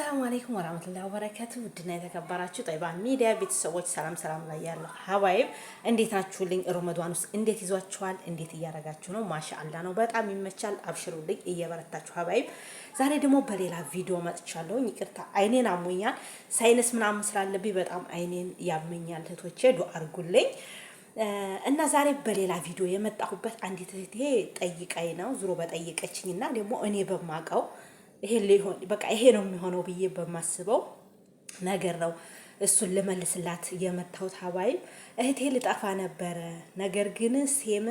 አሰላሙ አለይኩም ወራህመቱላሂ ወበረካቱ። ውድና የተከበራችሁ ጠይባ ሚዲያ ቤተሰቦች ሰላም ሰላም ላይ ያለው ሀባይብ እንዴት ናችሁልኝ? ሮመዷን ውስጥ እንዴት ይዟችኋል? እንዴት እያደረጋችሁ ነው? ማሻአላ ነው፣ በጣም ይመቻል። አብሽሩልኝ፣ እየበረታችሁ ሀባይብ። ዛሬ ደግሞ በሌላ ቪዲዮ መጥቻለሁ። ይቅርታ አይኔን አሞኛል፣ ሳይነስ ምናምን ስላለብኝ በጣም አይኔን ያመኛል። እህቶቼ ዱአ አድርጉልኝ። እና ዛሬ በሌላ ቪዲዮ የመጣሁበት አንዲት እህቴ ጠይቃኝ ነው ዙሮ በጠየቀችኝና ደግሞ እኔ በማውቀው ይሄ ሊሆን በቃ ይሄ ነው የሚሆነው ብዬ በማስበው ነገር ነው እሱን ልመልስላት የመታሁት። ሀባይም እህቴ ልጠፋ ነበረ፣ ነገር ግን ሴም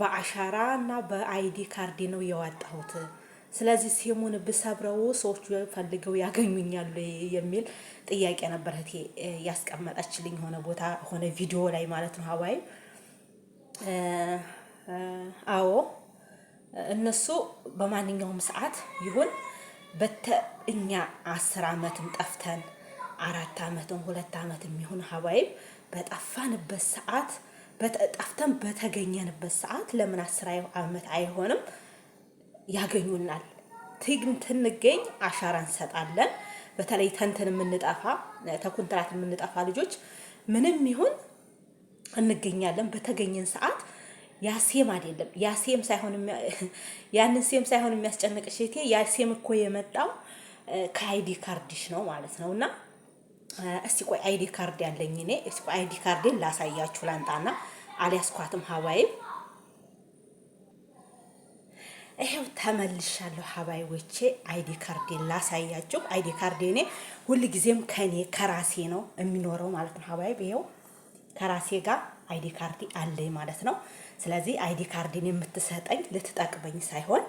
በአሻራ እና በአይዲ ካርድ ነው የዋጣሁት። ስለዚህ ሴሙን ብሰብረው ሰዎቹ ፈልገው ያገኙኛሉ የሚል ጥያቄ ነበር እህቴ ያስቀመጠችልኝ ሆነ ቦታ ሆነ ቪዲዮ ላይ ማለት ነው ሀባይም አዎ እነሱ በማንኛውም ሰዓት ይሁን እኛ አስር ዓመትም ጠፍተን አራት ዓመትም ሁለት ዓመትም ይሁን ሀባይም በጠፋንበት ሰዓት በጠፍተን በተገኘንበት ሰዓት ለምን አስር ዓመት አይሆንም ያገኙናል። ትንገኝ አሻራ እንሰጣለን። በተለይ ተንትን የምንጠፋ ተኩንትራት የምንጠፋ ልጆች ምንም ይሁን እንገኛለን በተገኘን ሰዓት ያ ሴም አይደለም ያ ሴም ሳይሆን ያንን ሴም ሳይሆን የሚያስጨንቅሽ እህቴ፣ ያ ሴም እኮ የመጣው ከአይዲ ካርድሽ ነው ማለት ነው። እና እስቲ ቆይ አይዲ ካርድ ያለኝ እኔ እስቲ ቆይ አይዲ ካርዴን ላሳያችሁ ላንጣና አልያዝኳትም ሀባይም ይሄው ተመልሻለሁ ወቼ አይዲ ካርዴን ላሳያችሁ። አይዲ ካርዴ እኔ ሁልጊዜም ከኔ ከራሴ ነው የሚኖረው ማለት ነው ሀባይ። ይሄው ከራሴ ጋር አይዲ ካርድ አለኝ ማለት ነው። ስለዚህ አይዲ ካርድን የምትሰጠኝ ልትጠቅመኝ ሳይሆን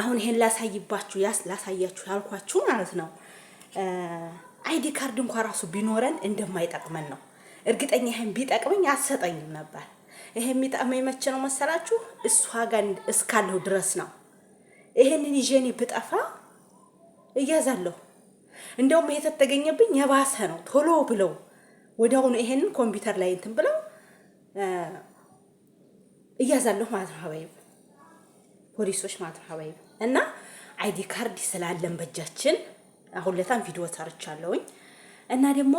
አሁን ይሄን ላሳይባችሁ ላሳያችሁ ያልኳችሁ ማለት ነው። አይዲ ካርድ እንኳ ራሱ ቢኖረን እንደማይጠቅመን ነው እርግጠኛ። ይሄን ቢጠቅመኝ አትሰጠኝም ነበር። ይሄ የሚጠቅመኝ መቼ ነው መሰላችሁ? እሷ ጋር እስካለሁ ድረስ ነው። ይሄንን ይዤኔ ብጠፋ እያዛለሁ። እንደውም የተተገኘብኝ የባሰ ነው ቶሎ ብለው ወዲያውኑ ይሄንን ኮምፒውተር ላይ እንትን ብለው እያዛለሁ ማለት ነው ሀባይብ ፖሊሶች ማለት ነው ሀባይብ እና አይዲ ካርድ ስላለን በእጃችን አሁን ለታም ቪዲዮ ሰርቻለሁኝ እና ደግሞ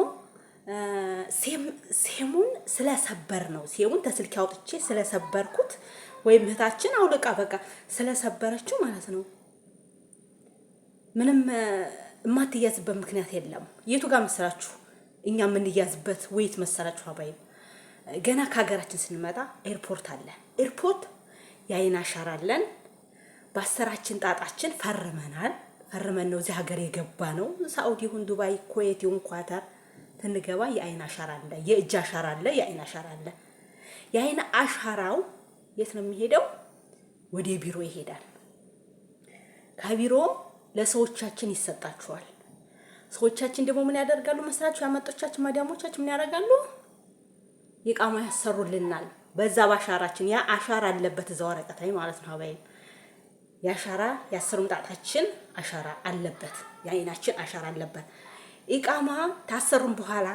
ሴሙን ስለሰበር ነው ሴሙን ተስልኪ አውጥቼ ስለሰበርኩት ወይም እህታችን አውልቃ በቃ ስለሰበረችው ማለት ነው። ምንም የማትያዝበት ምክንያት የለም። የቱ ጋር መስራችሁ እኛ የምንያዝበት ወይት መሰላችሁ አባይ ገና ከሀገራችን ስንመጣ ኤርፖርት አለ። ኤርፖርት የአይን አሻራ አለን። በአሰራችን ጣጣችን ፈርመናል። ፈርመን ነው እዚህ ሀገር የገባ ነው። ሳኡዲ ይሁን ዱባይ፣ ኩዌት ይሁን ኳታር ትንገባ የአይን አሻራ አለ፣ የእጅ አሻራ አለ፣ የአይን አሻራ አለ። የአይን አሻራው የት ነው የሚሄደው? ወደ ቢሮ ይሄዳል። ከቢሮ ለሰዎቻችን ይሰጣችኋል። ሰዎቻችን ደግሞ ምን ያደርጋሉ መሰላችሁ? ያመጦቻችን ማዳሞቻችን ምን ያደርጋሉ? ይቃማ ያሰሩልናል። በዛ በአሻራችን ያ አሻራ አለበት እዛ ወረቀት ላይ ማለት ነው። አባይ ያሻራ ያሰሩ ምጣታችን አሻራ አለበት፣ የአይናችን አሻራ አለበት። ኢቃማ ታሰሩን በኋላ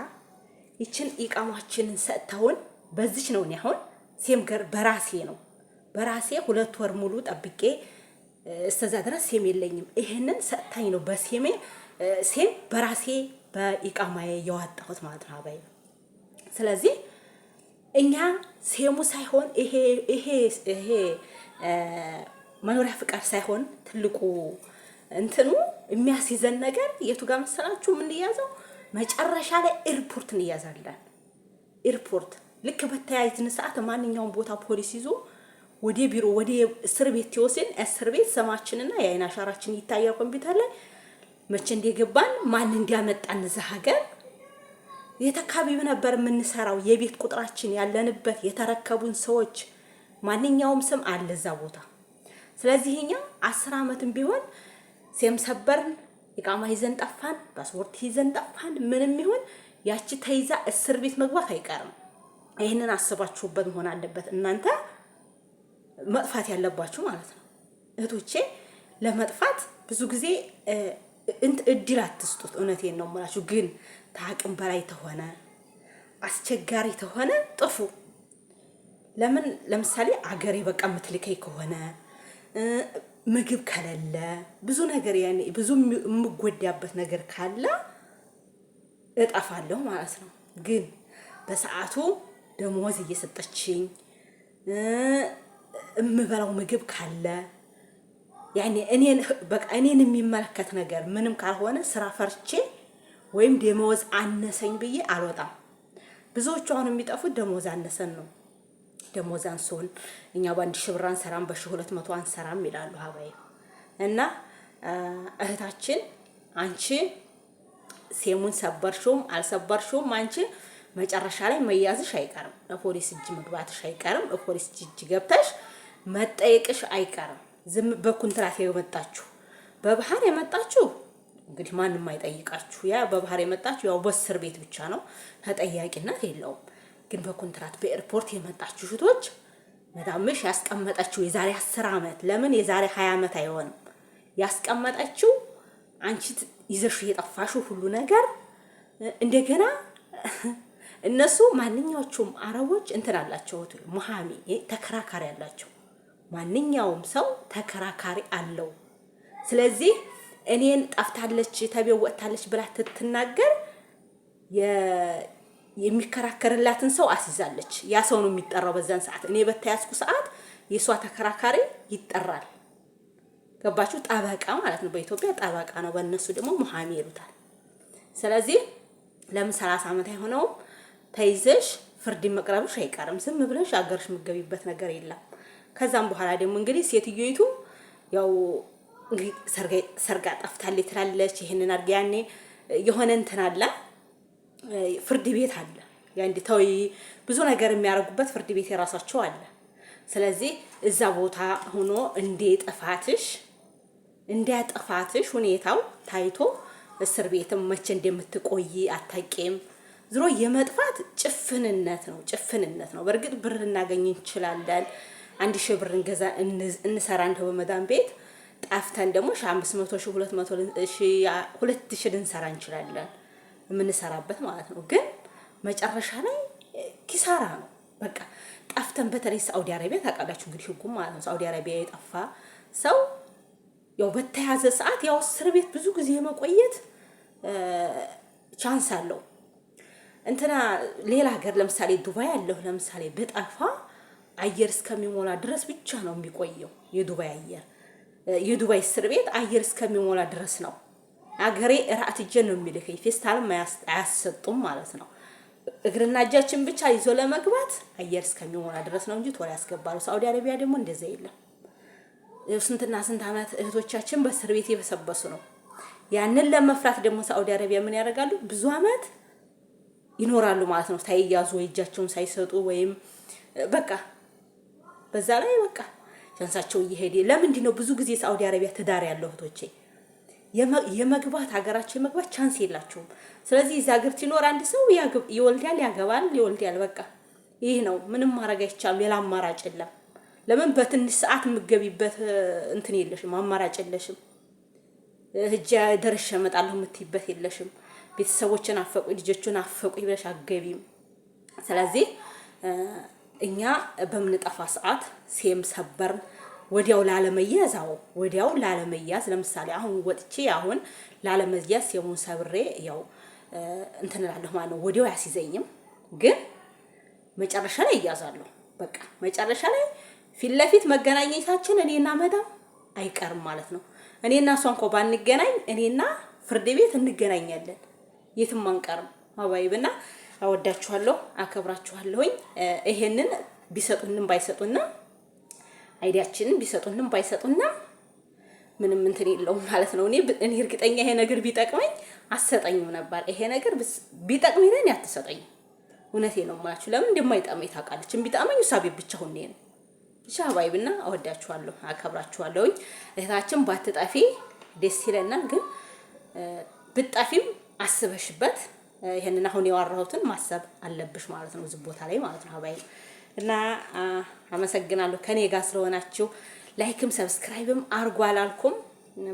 ይችን ይቃማችንን ሰጥተውን በዚች ነው። እኔ አሁን ሴም ገር በራሴ ነው በራሴ ሁለት ወር ሙሉ ጠብቄ እስተዛ ድረስ ሴም የለኝም። ይሄንን ሰጥታኝ ነው በሴሜ ሴም በራሴ በኢቃማዬ የዋጣሁት ማለት ነው አባይ። ስለዚህ እኛ ሴሙ ሳይሆን ይሄ ይሄ መኖሪያ ፍቃድ ሳይሆን ትልቁ እንትኑ የሚያስይዘን ነገር የቱ ጋር መሰላችሁ? የምንያዘው መጨረሻ ላይ ኤርፖርት እንያዛለን። ኤርፖርት ልክ በተያይዝን ሰዓት ማንኛውም ቦታ ፖሊስ ይዞ ወደ ቢሮ ወደ እስር ቤት ሲወስን እስር ቤት ስማችንና የአይን አሻራችን ይታያል ኮምፒውተር ላይ መቼ እንደገባን ማን እንዲያመጣን እዛ ሀገር የተካቢው ነበር የምንሰራው። የቤት ቁጥራችን ያለንበት የተረከቡን ሰዎች ማንኛውም ስም አለ እዛ ቦታ። ስለዚህ እኛ አስር ዓመትም ቢሆን ሴም ሰበርን፣ ይቃማ ይዘን ጠፋን፣ ፓስፖርት ይዘን ጠፋን፣ ምንም ይሁን ያቺ ተይዛ እስር ቤት መግባት አይቀርም። ይህንን አስባችሁበት መሆን አለበት እናንተ መጥፋት ያለባችሁ ማለት ነው እህቶቼ። ለመጥፋት ብዙ ጊዜ እንት እድል አትስጡት። እውነቴን ነው የምላችሁ። ግን ታቅም በላይ ተሆነ አስቸጋሪ ተሆነ ጥፉ። ለምን ለምሳሌ አገሬ በቃ የምትልከኝ ከሆነ ምግብ ከሌለ ብዙ ነገር ያኔ ብዙ የምጎዳበት ነገር ካለ እጠፋለሁ ማለት ነው። ግን በሰዓቱ ደሞዝ እየሰጠችኝ የምበላው ምግብ ካለ ያኔ እኔን በቃ እኔን የሚመለከት ነገር ምንም ካልሆነ ስራ ፈርቼ ወይም ደመወዝ አነሰኝ ብዬ አልወጣም። ብዙዎቹ አሁን የሚጠፉት ደመወዝ አነሰን ነው። ደመወዝ አንሶን እኛ በአንድ ሺህ ብር አንሰራም፣ በሺህ ሁለት መቶ አንሰራም ይላሉ ሀባይ እና እህታችን አንቺ ሴሙን ሰበርሽውም አልሰበርሽውም አንቺ መጨረሻ ላይ መያዝሽ አይቀርም። ፖሊስ እጅ መግባትሽ አይቀርም። ፖሊስ እጅ ገብተሽ መጠየቅሽ አይቀርም። ዝም በኩንትራት የመጣችሁ በባህር የመጣችሁ እንግዲህ ማንም አይጠይቃችሁ። ያ በባህር የመጣችሁ ያው በእስር ቤት ብቻ ነው ተጠያቂነት የለውም። ግን በኮንትራት በኤርፖርት የመጣችሁ ሽቶች መዳምሽ ያስቀመጠችው የዛሬ አስር ዓመት ለምን የዛሬ ሀያ ዓመት አይሆንም ያስቀመጠችው አንቺ ይዘሽ የጠፋሽው ሁሉ ነገር እንደገና እነሱ ማንኛዎቹም አረቦች እንትን አላቸው፣ ተከራካሪ አላቸው። ማንኛውም ሰው ተከራካሪ አለው። ስለዚህ እኔን ጠፍታለች ተቤው ወጥታለች ብላ ትትናገር የሚከራከርላትን ሰው አስይዛለች። ያ ሰው ነው የሚጠራው በዛን ሰዓት። እኔ በተያዝኩ ሰዓት የእሷ ተከራካሪ ይጠራል። ገባችሁ? ጠበቃ ማለት ነው። በኢትዮጵያ ጠበቃ ነው፣ በእነሱ ደግሞ መሐሚ ይሉታል። ስለዚህ ለምን ሰላሳ ዓመት አይሆነውም ተይዘሽ ፍርድ መቅረብሽ አይቀርም። ዝም ብለሽ አገርሽ የምትገቢበት ነገር የለም። ከዛም በኋላ ደግሞ እንግዲህ ሴትዮይቱ ያው እንግዲህ ሰርጋ ጠፍታለች ትላለች። ይህንን አድርገ ያኔ የሆነ እንትን አለ፣ ፍርድ ቤት አለ። ያንዲ ተው ብዙ ነገር የሚያደርጉበት ፍርድ ቤት የራሳቸው አለ። ስለዚህ እዛ ቦታ ሆኖ እንደ ጥፋትሽ ጥፋትሽ ሁኔታው ታይቶ እስር ቤትም መቼ እንደምትቆይ አታቂም ዝሮ የመጥፋት ጭፍንነት ነው ጭፍንነት ነው። በእርግጥ ብር ልናገኝ እንችላለን አንድ ሺህ ብር እንገዛ እንሰራ እንደው በመዳን ቤት ጣፍተን ደግሞ ሺህ አምስት መቶ ሺህ ሁለት መቶ ሁለት ሺህ ልንሰራ እንችላለን የምንሰራበት ማለት ነው። ግን መጨረሻ ላይ ኪሳራ ነው። በቃ ጣፍተን በተለይ ሳውዲ አረቢያ ታውቃላችሁ እንግዲህ ህጉም ማለት ነው። ሳውዲ አረቢያ የጠፋ ሰው ያው በተያዘ ሰዓት ያው እስር ቤት ብዙ ጊዜ የመቆየት ቻንስ አለው። እንትና ሌላ ሀገር ለምሳሌ ዱባይ አለሁ ለምሳሌ በጠፋ አየር እስከሚሞላ ድረስ ብቻ ነው የሚቆየው። የዱባይ አየር የዱባይ እስር ቤት አየር እስከሚሞላ ድረስ ነው። አገሬ ራእት ነው የሚልከኝ። ፌስታልም አያሰጡም ማለት ነው። እግርና እጃችን ብቻ ይዞ ለመግባት አየር እስከሚሞላ ድረስ ነው እንጂ ቶሎ ያስገባሉ። ሳዑዲ አረቢያ ደግሞ እንደዛ የለም። ስንትና ስንት ዓመት እህቶቻችን በእስር ቤት የበሰበሱ ነው። ያንን ለመፍራት ደግሞ ሳዑዲ አረቢያ ምን ያደርጋሉ? ብዙ ዓመት ይኖራሉ ማለት ነው ሳይያዙ ወይ እጃቸውን ሳይሰጡ ወይም በቃ በዛ ላይ በቃ ቻንሳቸው እየሄደ ለምንድን ነው ብዙ ጊዜ ሳውዲ አረቢያ ትዳር ያለው እህቶቼ የመግባት ሀገራቸው የመግባት ቻንስ የላቸውም። ስለዚህ እዛ ሀገር ሲኖር አንድ ሰው ይወልዳል፣ ያገባል፣ ይወልዳል። በቃ ይህ ነው። ምንም ማድረግ አይቻልም። ሌላ አማራጭ የለም። ለምን በትንሽ ሰዓት የምገቢበት እንትን የለሽም፣ አማራጭ የለሽም። ህጃ ደርሼ እመጣለሁ የምትይበት የለሽም። ቤተሰቦችን አፈቁኝ፣ ልጆችን አፈቁኝ ብለሽ አገቢም። ስለዚህ እኛ በምንጠፋ ሰዓት ሴም ሰበርን ወዲያው ላለመያዝ አዎ ወዲያው ላለመያዝ ለምሳሌ አሁን ወጥቼ አሁን ላለመያዝ ሴሙን ሰብሬ ያው እንትን እላለሁ ማለት ነው። ወዲያው ያስይዘኝም ግን መጨረሻ ላይ እያዛለሁ። በቃ መጨረሻ ላይ ፊት ለፊት መገናኘታችን እኔና መዳም አይቀርም ማለት ነው። እኔና እሷ እንኳ ባንገናኝ እኔና ፍርድ ቤት እንገናኛለን። የትም አንቀርም አባይብና አወዳችኋለሁ፣ አከብራችኋለሁኝ። ይሄንን ቢሰጡንም ባይሰጡና አይዲያችንን ቢሰጡንም ባይሰጡና ምንም እንትን የለውም ማለት ነው። እኔ እኔ እርግጠኛ ይሄ ነገር ቢጠቅመኝ አትሰጠኝም ነበር። ይሄ ነገር ቢጠቅመኝ ነን ያትሰጠኝ እውነቴ ነው የምላችሁ። ለምን እንደማይጣመኝ ታውቃለች። ቢጣመኝ ውሳቤ ብቻ ሁኔ ነው ብቻ ባይብና አወዳችኋለሁ፣ አከብራችኋለሁኝ። እህታችን ባትጠፊ ደስ ይለናል፣ ግን ብጣፊም አስበሽበት ይሄንን አሁን ያወራሁትን ማሰብ አለብሽ ማለት ነው፣ እዚህ ቦታ ላይ ማለት ነው። አባይ እና አመሰግናለሁ ከኔ ጋር ስለሆናችሁ። ላይክም ሰብስክራይብም አርጎ አላልኩም፣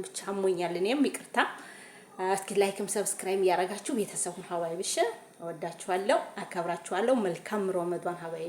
ብቻ አሞኛል፣ እኔም ይቅርታ። እስኪ ላይክም ሰብስክራይብ እያረጋችሁ ቤተሰቡን ሀባይ ብሽ እወዳችኋለሁ፣ አከብራችኋለሁ። መልካም ሮመዷን ሀባይ